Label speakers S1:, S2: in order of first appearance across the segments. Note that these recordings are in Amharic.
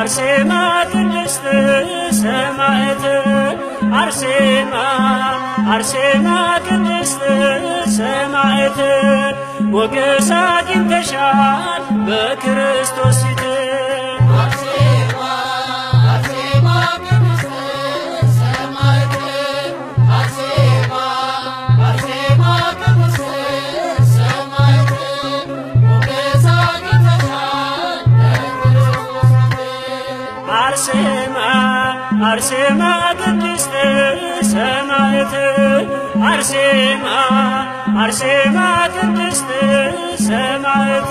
S1: አርሴማ ቅድስት ሰማዕት አርሴማ አርሴማ ቅድስት ሰማዕት ሞገስ አግኝተሻል በክርስቶስ ፊት አርሴማ ቅድስት ሰማዕት አርሴማ አርሴማ ቅድስት ሰማዕት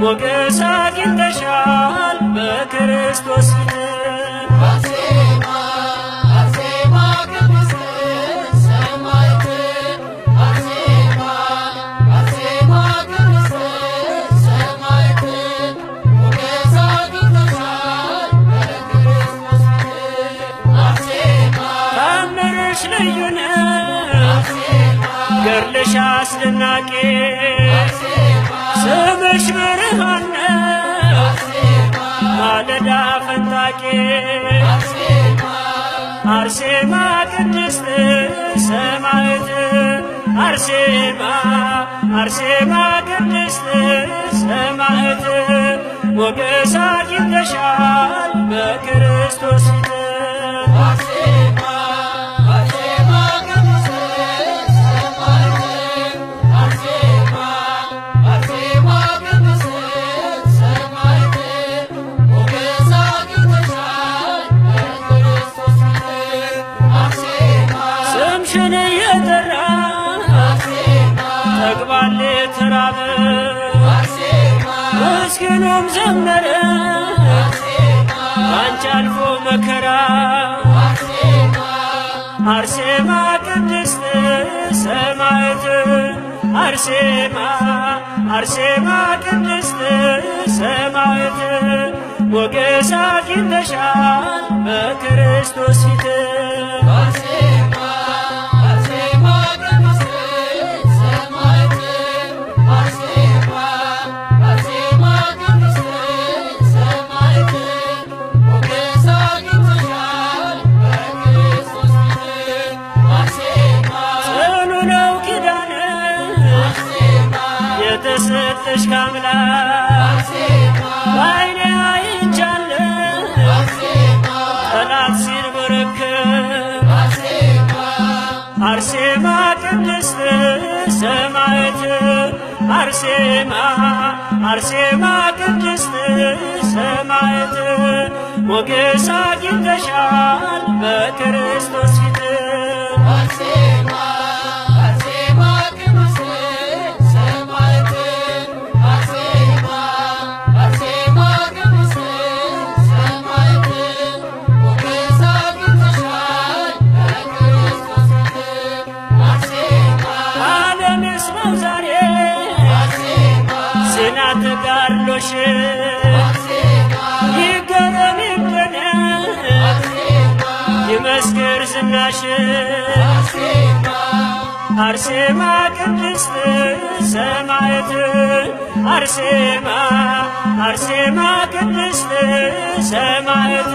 S1: ሞገሳ አግኝተሻል በክርስቶስ ንቅናቄ ስምሽ ብርሃን ማለዳ ፈንጣቂ አርሴማ ቅድስት ሰማዕት አርሴማ አርሴማ ቅድስት ሰማዕት ሞገሳ አግኝተሻል በክርስቶስ ፊት የጠራ ተግባል የተራበ ምስኪኑም ዘመረ አርሴማ ቅድስት ሰማዕት አርሴማ አርሴማ ቅድስት ሰማዕት ሞገሳ አግኝተሻል በክርስቶስ ፊት የሰጠሽ ካምላክ ባይኔ አይቻለሁ ጠላት ሲንበረከክ አርሴማ ቅድስት ሰማዕት አርሴማ አርሴማ ቅድስት ሰማዕት ሞገስ አግኝተሻል በክርስቶስ ፊት ዝናሽ አርሴማ ቅድስት ሰማዕት አርሴማ አርሴማ ቅድስት ሰማዕት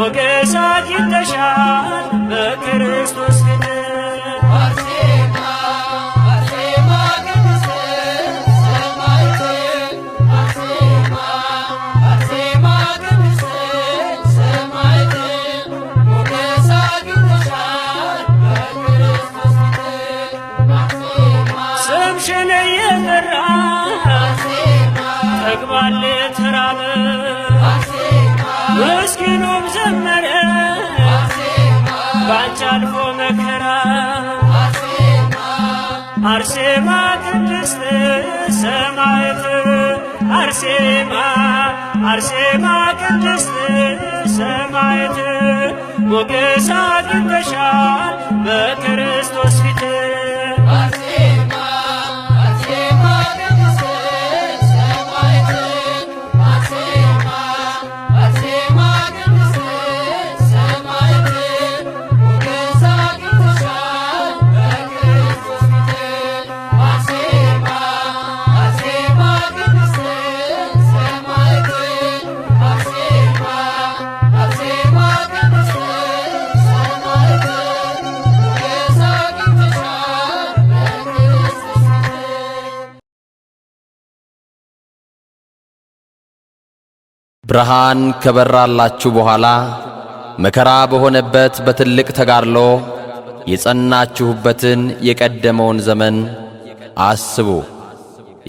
S1: ወገሳት ይተሻል በክርስቶስ አርሴማ ቅድስት ሰማዕት አርሴማ አርሴማ ቅድስት ሰማዕት ሞገስ አግኝተሻል በክርስቶስ ፊት
S2: ብርሃን ከበራላችሁ በኋላ መከራ በሆነበት በትልቅ ተጋድሎ የጸናችሁበትን የቀደመውን ዘመን አስቡ።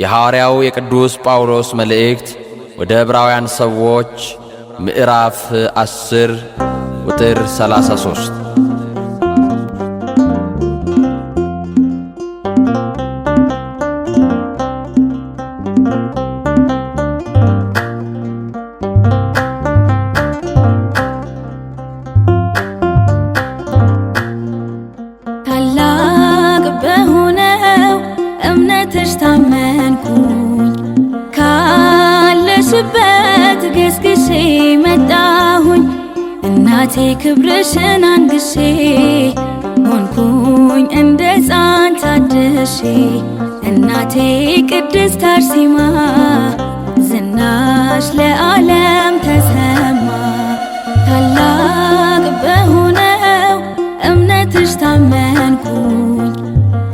S2: የሐዋርያው የቅዱስ ጳውሎስ መልእክት ወደ ዕብራውያን ሰዎች ምዕራፍ 10 ቁጥር 33
S3: ዳሴ እናቴ ቅድስት አርሴማ ዝናሽ ለዓለም ተሰማ። ታላቅ በሆነው እምነትሽ ታመንኩኝ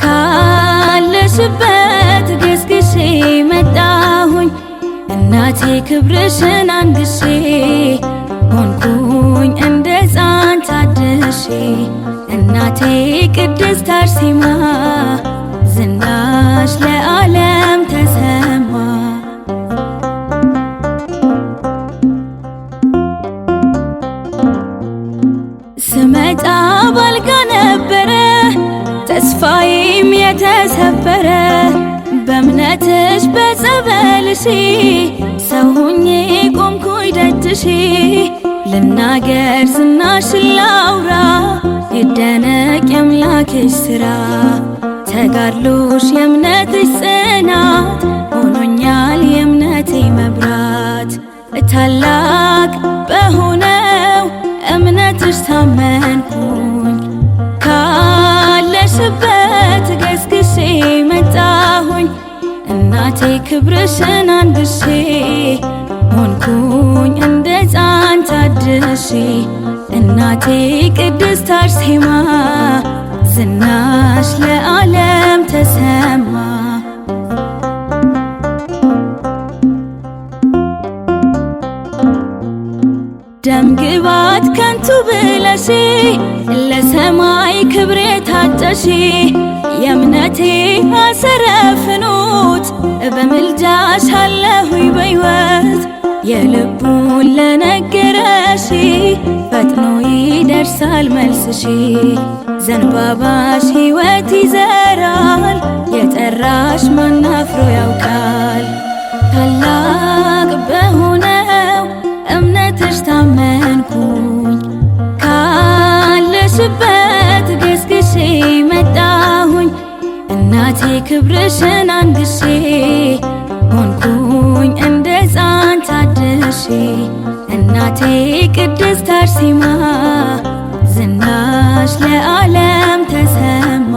S3: ካለሽበት ገስግሼ መጣሁኝ እናቴ ክብርሽን አንግሼ ሆንኩኝ እንደ ሕፃን ታድሼ እናቴ ቅድስት አርሴማ ዝናሽ ለዓለም ተሰማ ስመጣ ባልጋ ነበረ ተስፋዬም የተሰበረ በእምነትሽ በጸበልሽ ሰው ሁኜ ቆምኩኝ ደጅሽ ልናገር ዝናሽን ላውራ ይደነቅ የአምላክሽ ሥራ ተጋድሎሽ የእምነትሽ ጽናት ሆኖኛል የእምነቴ መብራት ታላቅ በሆነው እምነትሽ ታመንኩኝ ካለሽበት ገስግሼ መጣሁኝ እናቴ ክብርሽን አንግሼ ሆንኩኝ እንደ ጻን ታድሼ እናቴ ቅድስት አርሴማ ዝናሽ ሺ የእምነቴ አሰረ ፍኖት በምልጃሽ አለሁኝ በሕይወት የልቡን ለነገረሽ ፈጥኖ ይደርሳል መልስሽ ዘንባባሽ ሕይወት ይዘራል የጠራሽ ማን አፍሮ ያውቃል ታላቅ በሆነው እምነትሽ ታመ በእምነቴ ክብርሽን አንግሼ ሆንኩኝ እንደ ሕፃን ታድሼ እናቴ ቅድስት አርሴማ ዝናሽ ለዓለም ተሰማ።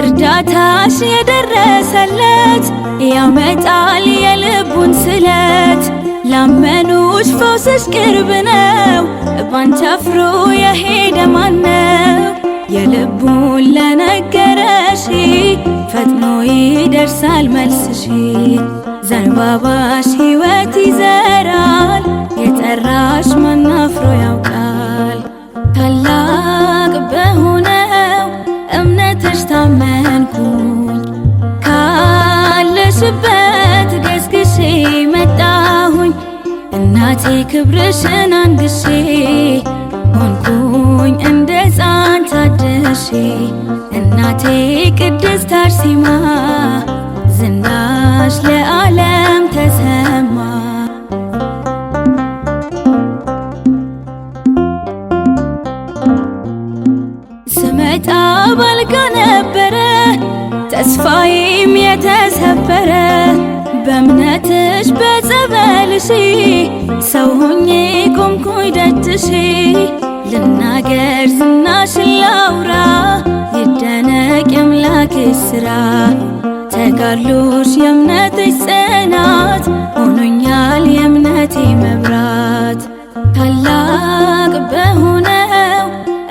S3: እርዳታሽ የደረሰለት ያመጣል የልቡን ስለት ላመኑሽ ፈውስሽ ቅርብ ነው። ባንቺ አፍሮ የሄደ ማነው? የልቡን ለነገረሽ ፈጥኖ ይደርሳል መልስሽ ዘንባባሽ በቃቴ ክብርሽን አንግሼ ሆንኩኝ እንደ ሕፃን ታድሼ እናቴ ቅድስት አርሴማ ዝናሽ ለዓለም ተሰማ። ስመጣ ባልጋ ነበረ ተስፋዬም የተሰበረ በእምነትሽ በጸበልሽ ሰው ሆኜ ቆምኩኝ ደጅሽ ልናገር ዝናሽን ላውራ ይደነቅ የአምላክሽ ስራ ተጋሎሽ የእምነትሽ ጽናት ሆኖኛል የእምነቴ መብራት ታላቅ በሆነው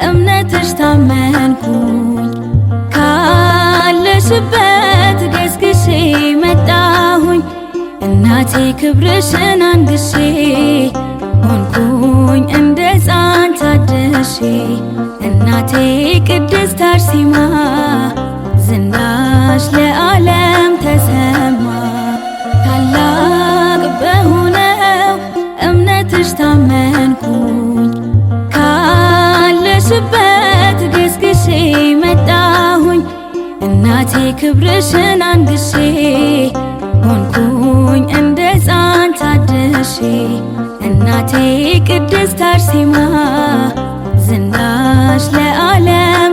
S3: እምነትሽ ታመንኩኝ ካለሽበት እናቴ ክብርሽን አንግሼ ሆንኩኝ እንደ ሕፃን ታድሼ እናቴ ቅድስት አርሴማ ዝናሽ ለዓለም ተሰማ። ታላቅ በሆነው እምነትሽ ታመንኩኝ ካለሽበት ገስግሼ መጣሁኝ እናቴ ክብርሽን አንግሼ አደግኩኝ እንደ ሕፃን ታድሼ እናቴ ቅድስት አርሴማ ዝናሽ ለዓለም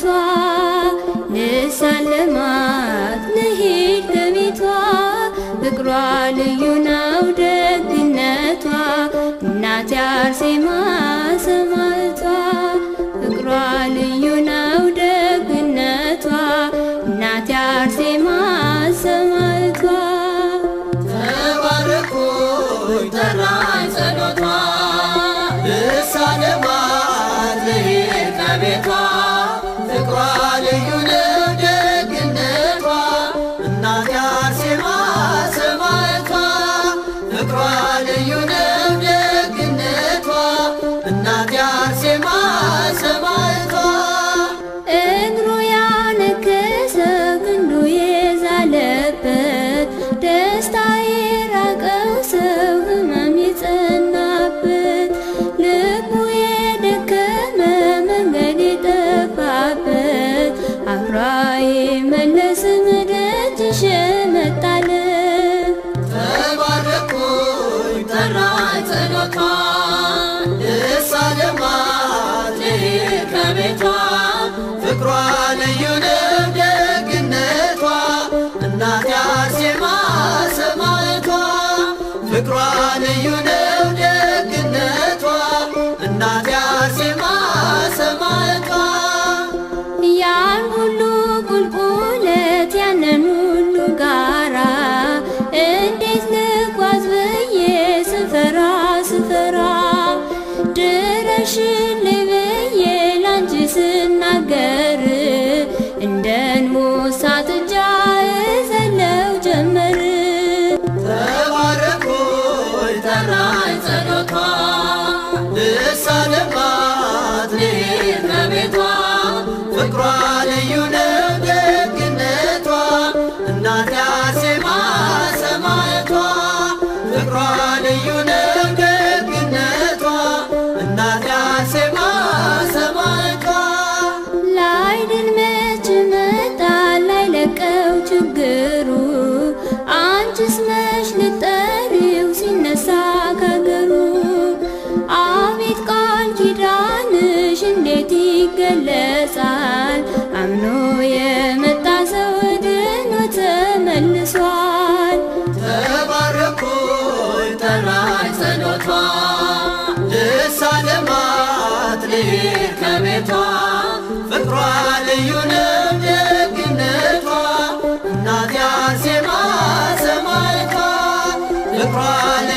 S3: ገባ ንሳለማት ንሄድ ከቤቷ ፍቅሯ ልዩ ነው ደግነቷ እናቴ አርሴማ
S4: sema sema عمراني ልዩ ነው ደግነቷ እናት አርሴማ ሰማዕቷ ልቅሯ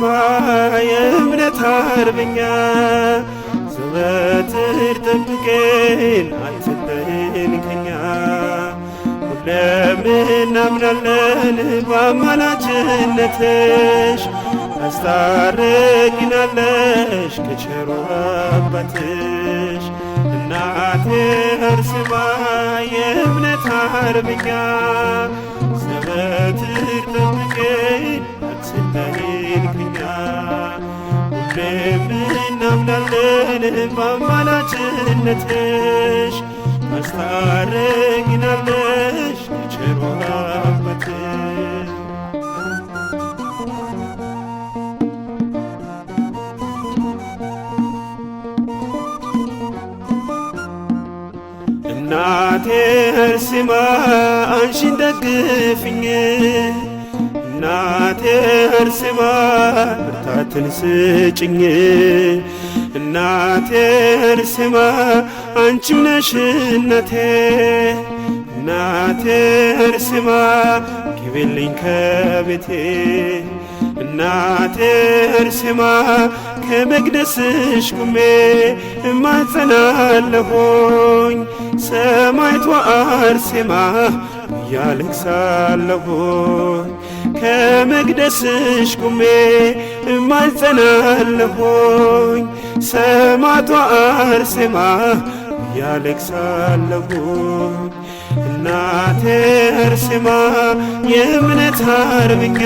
S5: ግርማ የእምነት አርበኛ ዘወትር ጠብቀን አትለይን ከኛ ሁሌም እናምናለን በአማላጅነትሽ ታስታርቂናለሽ ከቸሩ አባትሽ እናቴ አርሴማ የእምነት አርበኛ ዘወትር ጠብቀን አልጠልጠልም በአማላጅነትሽ ታስታርቂናለሽ ቸሮ አባትሽ እናቴ እርስማ አንቺን ደግፍኝ እናቴ እርስማ ብርታትን ስጭኝ እናቴን ስማ አንቺም ነሽ እናቴ እናቴን ስማ ግቢልኝ ከቤቴ እናቴን ስማ ከመቅደስሽ ቁሜ እማጸናለሁኝ ሰማይቷ አርሴማ እያለቅሳለሁኝ ከመቅደስሽ ቁሜ እማጸናለሁኝ ሰማዕቷ አርሴማ እያለቅሳለሁኝ እናቴ አርሴማ የእምነት አርበኛ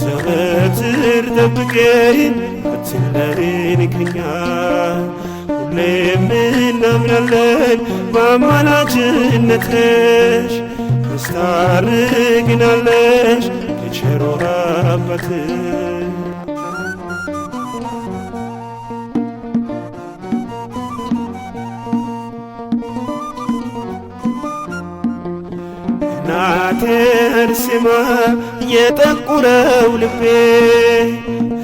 S5: ዘወትር ጠብቄን አትለይን ከኛ ሁሌም እናምናለን በአማላጅነትሽ ታስታርግናለሽ የቸሮ አባት እናቴ አርሴማ የጠቁረው ልቤ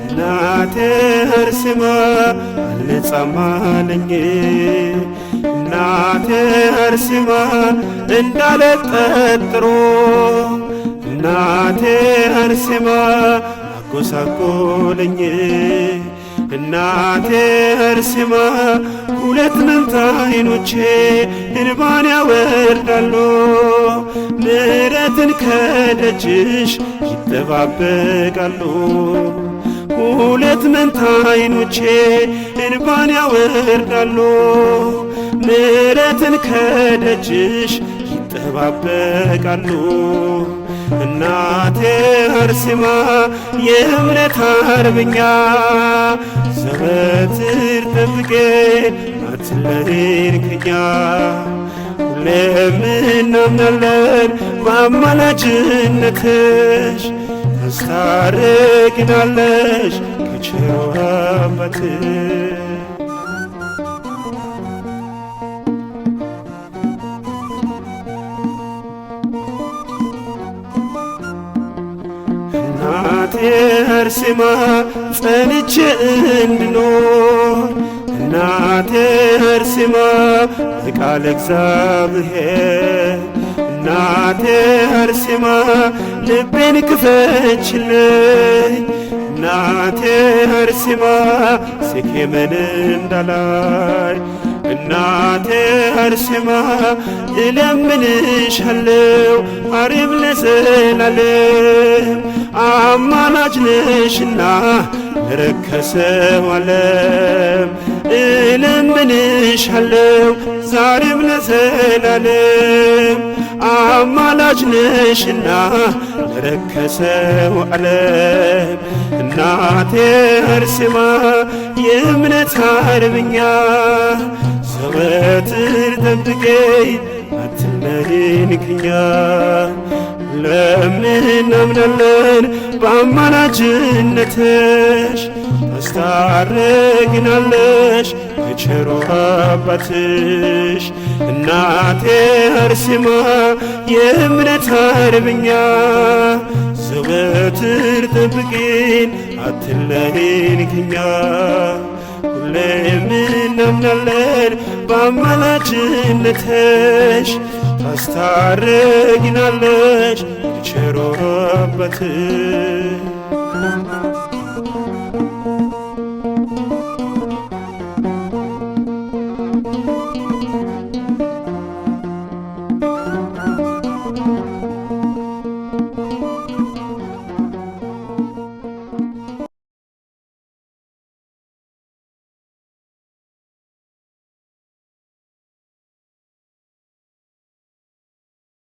S5: እናቴ አርሴማ አልነጻማ እናቴ አርሴማ እንዳልጠረጥሩ እናቴ አርሴማ አጎሳቆለኝ እናቴ አርሴማ ሁለት መንታ አይኖቼ እንባን ያወርዳሉ ምሕረትን ከደጅሽ ይጠባበቃሉ ሁለት መንታ አይኖቼ እንባን ያወርዳሉ ምሕረትን ከደጅሽ ይጠባበቃሉ። እናቴ አርሴማ የእምነት አርበኛ ዘበትር ጠብቄ አትለይን ከኛ ሁሌም እናምናለን በአማላጅነትሽ ታስታርቅናለሽ ከቸሮ አባትሽ እናቴር ሲማ ጸንቼ እንድኖር እናቴር ሲማ ቃል እግዚአብሔር እናቴር ስማ ልቤን ክፈችልኝ እናቴር ስማ ስኬምን እንዳላይ እናቴር ስማ እለምንሻለው አሪብ ለዘላለም አማላጅ ነሽና ለረከሰው ዓለም እለምንሻለው ዛሬም ለዘላለም አማላጅ ነሽና ለረከሰው ዓለም እናቴ አርሴማ የእምነት አርበኛ ዘወትር ጠብቄ አትመሪንክኛ ለምንህ እናምናለን በአማላጅነትሽ ታስታርግናለሽ የቸሮ አባትሽ እናቴ አርሴማ የእምነት አርበኛ ዘወትር ጠብቂን አትለይን ከኛ ሁሌም እናምናለን በአማላጅነትሽ ታስታርጊናለሽ ቸሮበትሽ